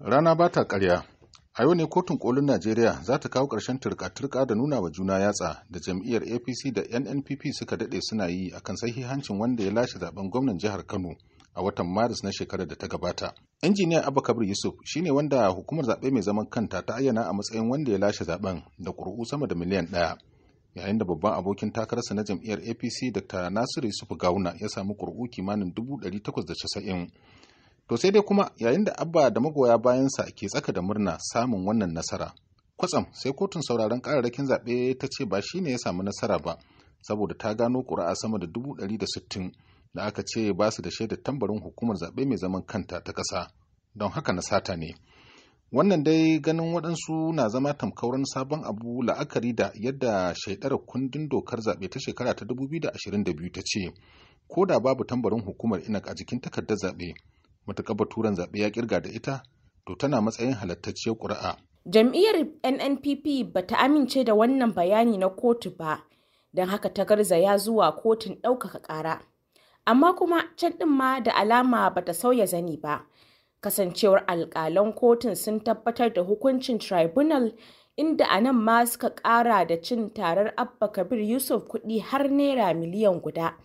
Rana ba ta ƙarya. A yau ne kotun kolin Najeriya za ta kawo ƙarshen turka-turka da nuna wa juna yatsa da jam'iyyar APC da NNPP suka daɗe suna yi a kan akan sahihancin wanda ya lashe zaben gwamnan jihar Kano a watan Maris na shekarar da ta gabata. Injiniya Abba Kabir Yusuf ne wanda hukumar zaɓe mai zaman kanta ta ayyana a matsayin wanda ya lashe zaɓen da ƙuri'u sama da miliyan ɗaya. Yayin da babban abokin takararsa na jam'iyyar APC Dr. Nasiru Yusuf Gawuna ya samu ƙuri'u kimanin dubu ɗari takwas da casa'in. To sai dai kuma yayin da Abba da magoya bayansa ke tsaka da murna samun wannan nasara. Kwatsam sai kotun sauraron kararrakin zaɓe ta ce ba shi ne ya samu nasara ba, saboda ta gano ƙuri'a sama da dubu ɗari da sittin da aka ce ba su da shaidar tambarin hukumar zaɓe mai zaman kanta ta ƙasa, don haka na sata ne. Wannan dai ganin waɗansu na zama tamkauran sabon abu la'akari da yadda shaidarar kundin dokar zaɓe ta shekara ta 2022 ta ce, ko da babu tambarin hukumar inak a jikin takardar zaɓe, matuƙar baturen zaɓe ya kirga da ita to tana matsayin halattacciyar ƙuri'a. Jam'iyyar NNPP ba ta amince da wannan bayani na kotu ba, don haka ta garza ya zuwa kotun ɗaukaka ƙara. Amma kuma can ɗin ma da alama ba ta sauya zani ba, kasancewar alƙalan kotun sun tabbatar da hukuncin tribunal inda a nan ma suka ƙara da cin tarar Abba Kabir Yusuf kuɗi har naira miliyan guda.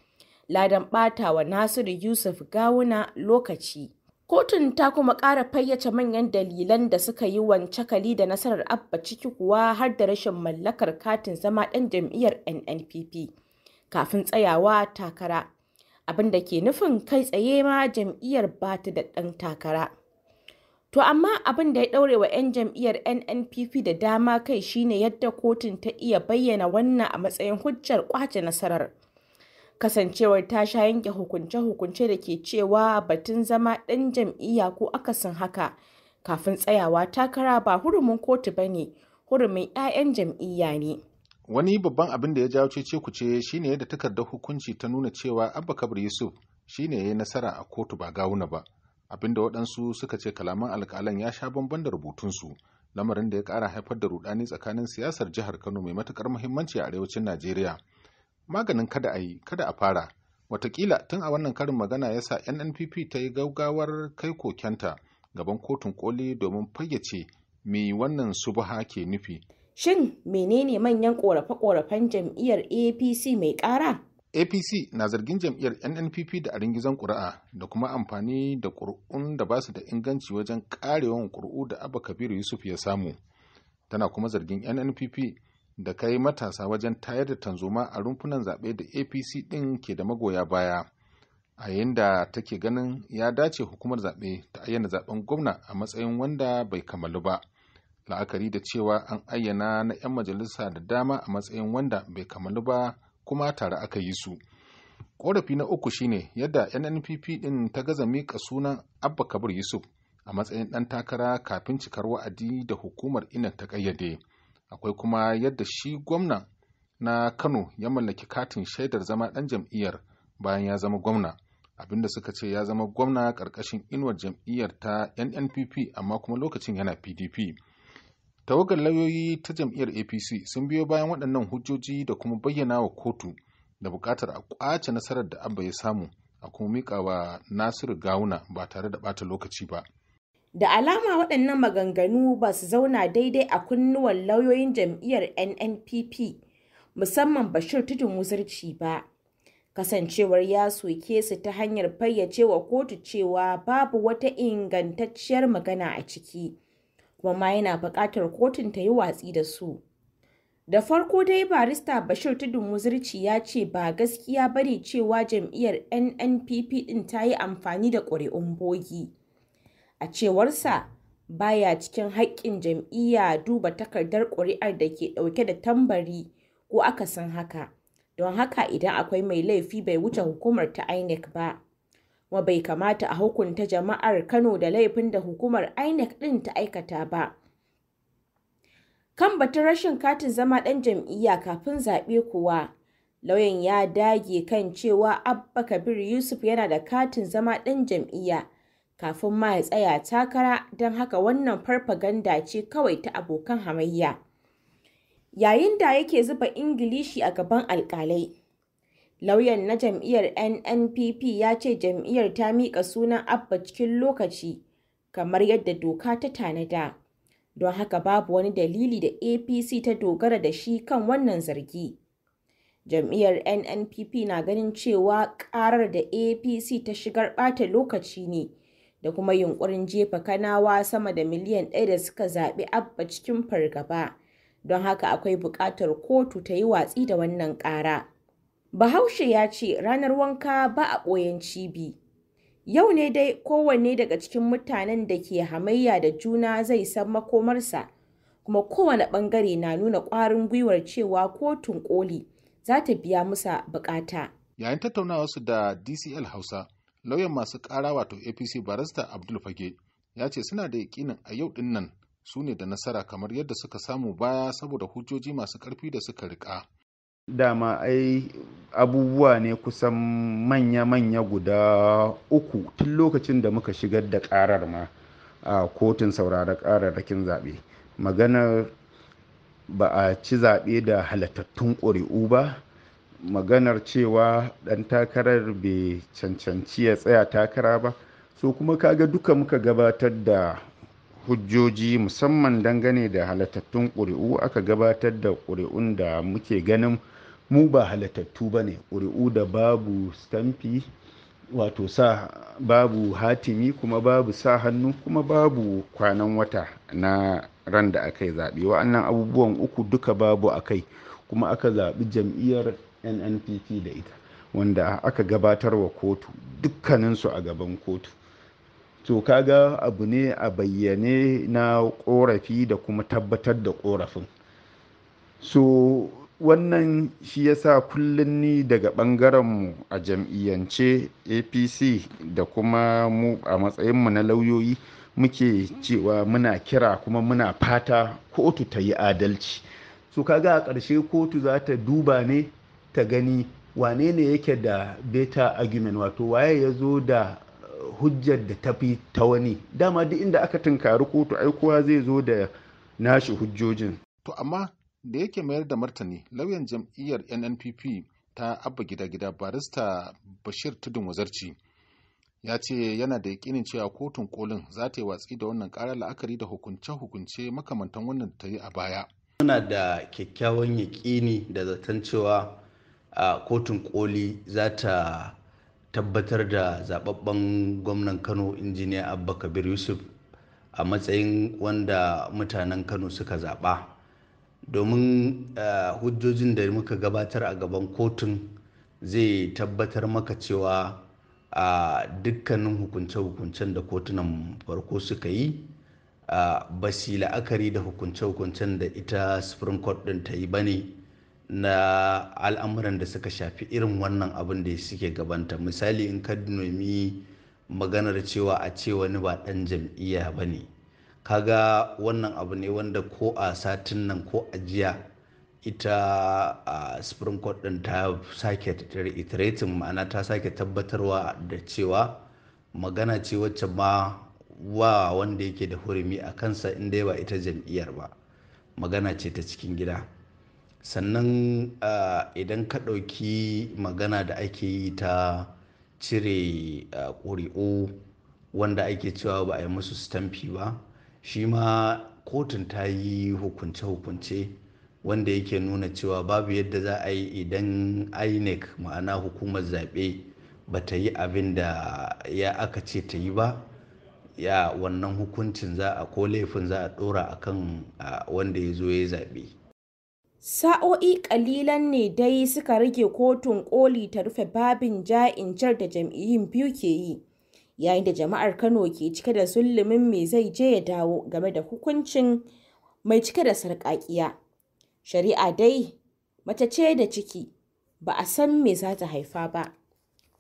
ladan ɓatawa Nasiru Yusuf Gawuna lokaci. Kotun ta kuma ƙara fayyace manyan dalilan da suka yi wancakali da nasarar Abba ciki kuwa har da rashin mallakar katin zama ɗan jam'iyyar NNPP kafin tsayawa takara. Abin da ke nufin kai tsaye ma jam'iyyar ba ta da ɗan takara. To amma abin da ya ɗaure wa 'yan jam'iyyar NNPP da dama kai shine yadda kotun ta iya bayyana wannan a matsayin hujjar ƙwace nasarar. kasancewar ta sha yanke hukunce-hukunce da ke cewa batun zama ɗan jam'iyya ko akasin haka kafin tsayawa takara ba hurumin kotu ba ne hurumin 'ya'yan jam'iyya ne wani babban abin da ya jawo cece kuce shine yadda takardar hukunci ta nuna cewa abba kabir yusuf shine ya yi nasara a kotu ba gawuna ba abinda waɗansu suka ce kalaman alƙalan ya sha bamban da rubutunsu lamarin da ya ƙara haifar da rudani tsakanin siyasar jihar kano mai matuƙar muhimmanci a arewacin najeriya maganin kada a yi kada a fara watakila tun a wannan karin magana ya sa nnpp ta yi gaugawar kai kokenta gaban kotun koli domin fayyace me wannan subha ke nufi shin menene manyan korafe-korafen jam'iyyar apc mai kara apc na zargin jam'iyyar nnpp da a ringizan ƙuri'a da kuma amfani da ƙuri'un da ba su da inganci wajen karewan ƙuri'u da abba kabiru yusuf ya samu tana kuma zargin nnpp da ka yi matasa wajen tayar da tanzoma a rumfunan zaɓe da apc ɗin ke da magoya baya a yayin da take ganin ya dace hukumar zaɓe ta ayyana zaɓen gwamna a matsayin wanda bai kamalu ba la'akari da cewa an ayyana na 'yan majalisa da dama a matsayin wanda bai kamalu ba kuma tare aka yi su ƙorafi na uku shine yadda nnpp ɗin ta gaza miƙa sunan abba kabir yusuf a matsayin ɗan takara kafin cikar wa'adi da hukumar inan ta ƙayyade. akwai kuma yadda shi gwamna na kano ya mallaki katin shaidar zama ɗan jam'iyyar bayan ya zama gwamna abinda suka ce ya zama gwamna ƙarƙashin inuwar jam'iyyar ta nnpp amma kuma lokacin yana pdp tawagar lauyoyi ta jam'iyyar apc sun biyo bayan waɗannan hujjoji da kuma bayyana wa kotu da buƙatar a ƙwace nasarar da abba ya samu a kuma miƙa wa nasiru gawuna ba tare da ɓata lokaci ba Da alama waɗannan maganganu ba su zauna daidai a kunnuwan lauyoyin jam'iyyar NNPP, musamman Bashir Tudun Wuzirci ba. Kasancewar ya soke su ta hanyar fayyace wa kotu cewa babu wata ingantacciyar magana a ciki, kuma yana buƙatar kotun ta yi watsi da su. Da farko dai barista Bashir Tudun Wuzirci ya ce ba gaskiya bane cewa jam'iyyar NNPP ɗin ta yi amfani da ƙuri'un bogi. A cewarsa, baya cikin haƙƙin jam'iyya duba takardar ƙuri'ar da ke ɗauke da tambari ko akasin haka, don haka idan akwai mai laifi bai wuce hukumar ta INEC ba. Kuma bai kamata a hukunta jama'ar Kano da laifin da hukumar INEC ɗin ta aikata ba. Kan batun rashin katin zama ɗan jam'iyya kafin zaɓe kuwa, lauyan ya dage kan cewa Abba Kabir Yusuf yana da katin zama ɗan jam'iyya kafin ma ya tsaya takara don haka wannan farfaganda ce kawai ta abokan hamayya. Yayin da yake zuba Ingilishi a gaban alkalai lauyan na jam'iyyar NNPP ya ce jam'iyyar ta miƙa sunan Abba cikin lokaci kamar yadda doka ta tanada. Don haka babu wani dalili da APC ta dogara da shi kan wannan zargi. jam'iyyar nnpp na ganin cewa ƙarar da apc ta shigar ɓata lokaci ne da kuma yunkurin jefa kanawa sama da miliyan ɗaya da suka zaɓi abba cikin fargaba don haka akwai buƙatar kotu ta yi watsi da wannan ƙara bahaushe ya ce ranar wanka ba a ɓoyen cibi yau ne dai kowanne daga cikin mutanen da ke hamayya da juna zai san makomarsa kuma kowane ɓangare na nuna ƙwarin gwiwar cewa kotun ƙoli za ta biya musa buƙata yayin tattaunawarsu da dcl hausa lauyan masu kara wato apc barista abdul fage ya ce suna da yakinin a yau din nan su ne da nasara kamar yadda suka samu baya saboda hujjoji masu ƙarfi da suka riƙa dama ai abubuwa ne kusan manya-manya guda uku tun lokacin da muka shigar da ƙarar ma a kotun saurara ƙararrakin zaɓe maganar ba a ci zaɓe da halattattun ƙuri'u ba maganar cewa ɗan takarar bai cancanci ya tsaya takara ba so kuma kaga duka muka gabatar da hujjoji musamman dangane da halattattun ƙuri'u aka gabatar da ƙuri'un da muke ganin mu ba halattattu ba ne ƙuri'u da babu stamfi wato sa babu hatimi kuma babu sa hannu kuma babu kwanan wata na ran da aka yi zaɓe wa'annan abubuwan uku duka babu a kai kuma aka zaɓi jam'iyyar nnpp da ita wanda aka gabatar wa kotu dukkaninsu a gaban kotu to kaga abu ne a bayyane na korafi da kuma tabbatar da korafin so wannan shi yasa kullum ni daga ɓangarenmu a jam'iyyance apc da kuma mu a matsayinmu na lauyoyi muke cewa muna kira kuma muna fata kotu ta yi adalci so kaga a ƙarshe kotu za ta duba ne ta gani wane ne yake da beta argument wato waye ya zo da hujjar da tafi ta wani dama duk inda aka tunkari kotu ai kowa zai zo da nashi hujjojin to amma da yake mayar da martani lauyan jam'iyyar nnpp ta abba gida gida barista bashir tudun wazarci ya ce yana da yakinin cewa kotun kolin za ta yi watsi da wannan ƙara la'akari da hukunce-hukunce makamantan wannan ta yi a baya muna da kyakkyawan yakini da zaton cewa a kotun koli za ta tabbatar da zababben gwamnan kano injiniya abba kabir yusuf a matsayin wanda mutanen kano suka zaɓa domin hujjojin da muka gabatar a gaban kotun zai tabbatar maka cewa a dukkanin hukunce-hukuncen da kotunan farko suka yi ba su la'akari da hukunce-hukuncen da ita supreme court ɗin ta yi ba ne na al'amuran da suka shafi irin wannan abin da suke gabanta misali in ka nomi maganar cewa a ce wani ba ɗan jam'iyya ba ne kaga wannan abu ne wanda ko a satin nan ko a jiya ita a uh, supreme court din ta sake iteratin ma'ana ta sake tabbatarwa da cewa magana ce wacce ma wa wanda yake da hurumi a kansa inda ba ita jam'iyyar ba magana ce ta cikin gida sannan ah, idan ka ɗauki magana da ake yi ta cire ah, ƙuri'u wanda ake cewa ba a yi musu stamfi ba shi ma kotun ta yi hukunce-hukunce wanda yake nuna cewa babu yadda za a yi idan inec ma'ana hukumar zaɓe ba ta yi abin da ya aka ce ta yi ba ya wannan hukuncin za a ko laifin za a ɗora akan ah, wanda ya zo ya zaɓe Sa'o'i kalilan ne dai suka rage Kotun Koli ta rufe babin ja'in jar da jam'iyyun biyu ke yi, yayin da jama'ar Kano ke cike da zullumin me zai je ya dawo game da hukuncin mai cike da sarƙaƙiya. Shari'a dai mace ce da ciki, ba a san me za ta haifa ba.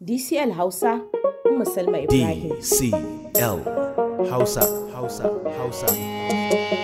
DCL Hausa, Ummu Salma Ibrahim. DCL Hausa, Hausa, Hausa.